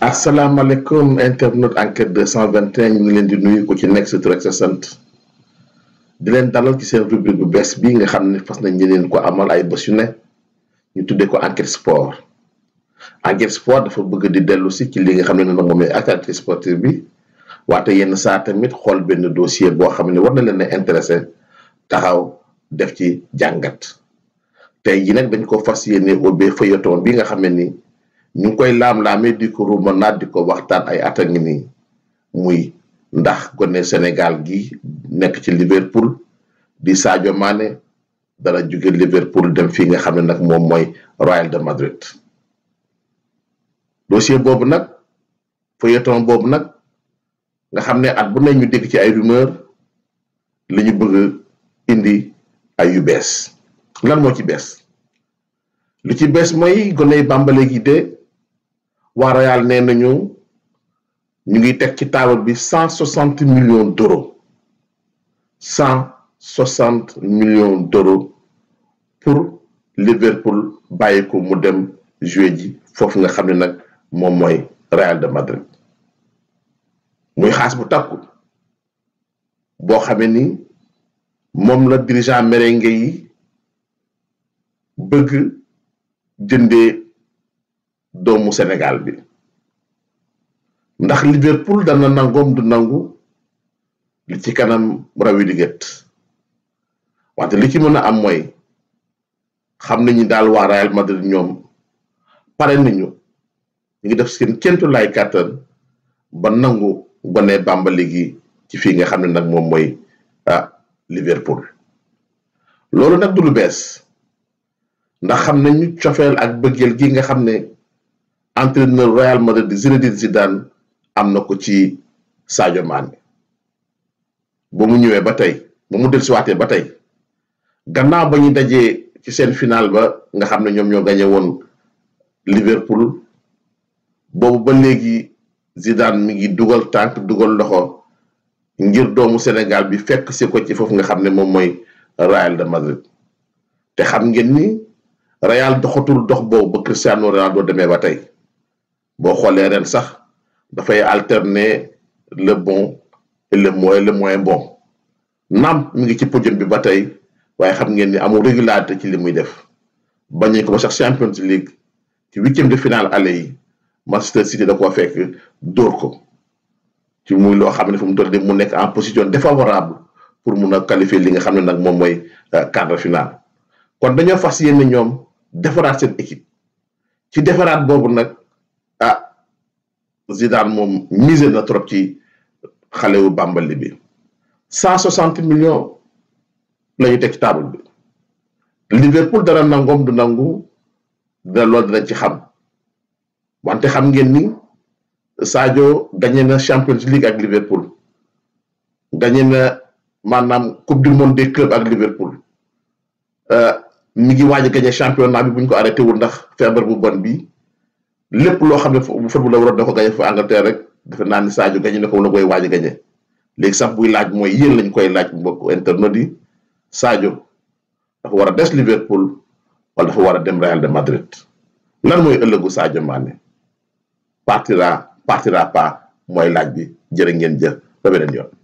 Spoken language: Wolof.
asalaamaaleykum internet enquête 221 ñu ngi leen di nuyu ko ci nekk sa tur ak sa sant di leen dalal ci seen rubrique bu bees bii nga xam ne fas nañ ñu ko amal ay bés yu ne ñu tuddee ko enquête sport enquête sport dafa bëgg di dellu si ci li nga xam ne nag moom a actualité sportive bi waate yenn saa tamit xool benn dossier boo xam ne war na leen a intéressé taxaw def ci jàngat te ji nag dañ ko fas yéene ubbee feuilleton bi nga xam ne ni. ñu ngi koy laam-laamee di ko ruumanaat di ko waxtaan ay at ngi nii muy ndax gone Sénégal gi nekk ci Liverpool di Sadio Mané dana jóge Liverpool dem fii nga xam ne nag moom mooy Real de Madrid dossier boobu nag feuilleton boobu nag nga xam ne at bu ne ñu dégg ci ay rumeur li ñu bëgg indi ay yu bees lan moo ci bees lu ci bees mooy gone bambale gi de. waa Royal nee nañu ñu ngi teg ci taabal bi cent soixante millions d'euros cent soixante millions d'euros pour Liverpool bàyyi mu dem jouer ji foofu nga xam ne nag moom mooy Real de Madrid muy xaas bu takku boo xamee ni moom la dirigeant merengue yi bëgg jëndee. doomu Sénégal bi ndax Liverpool dana nangoom du nangu li ci kanam rawi di wante li ci mën a am mooy xam nañu daal waa Real ñoom pare nañu ñu ngi def seen kentu lay kàttan ba nangu gone Bambali gi ci fii nga xam ne nag moom mooy ah Liverpool loolu nag du bees ndax xam nañu cofeel ak bëggeel gi nga xam ne. entraîneur Real Madrid Zinedine Zidane am na ko ci Sadio Mané ba mu ñëwee ba tey ba mu dellusiwaatee ba tey gannaaw ba ñu dajee ci seen final ba nga xam ne ñoom ñoo gañe woon Liverpool boobu ba léegi Zidane mi ngi dugal tànk dugal loxo ngir doomu Sénégal bi fekk si ko ci foofu nga xam ne moom mooy Real de Madrid te xam ngeen ni Real doxatul dox boobu ba Cristiano Ronaldo demee ba tey. boo xoolee ren sax dafay alterner le bon et le moins le moins bon naam mi ngi ci podium bi ba tey waaye xam ngeen ni amul régularité ci li muy def bañ nañ ko ba sax Champions League ci huitième de finale aller yi Manchester City da koo fekk dóor ko ci muy loo xam ne fu mu toll nii mu nekk en position défavorable pour mun a qualifier li nga xam ne nag moom mooy euh, quart de finale kon dañoo fas yéene ñoom defaraat seen équipe ci defaraat boobu nag. Zidane moom misé na trop ci xale wu Bambali bi cent soixante million la ñu teg ci table bi Liverpool dara nangoom du nangu dina loolu dinañ ci xam wante xam ngeen ni Sadio gagné na Champions League ak Liverpool gagné na maanaam coupe du monde des clubs ak Liverpool euh, mi gi waaj a gagné championnat bi bu ñu ko arrêté wul ndax feebar bu bon bi lépp loo xam ne bu football la waroon da ko gañe fa Angleterre rek defe naa ni Sadio gañe na ko wala koy waaj a léegi sax buy laaj mooy yéen lañ koy laaj mbokk internet yi Sadio dafa war a des Liverpool wala dafa war a dem Real de Madrid lan mooy ëllëgu Sadio Mané partira partira pas mooy laaj bi jërë ngeen jëf ba beneen yoon.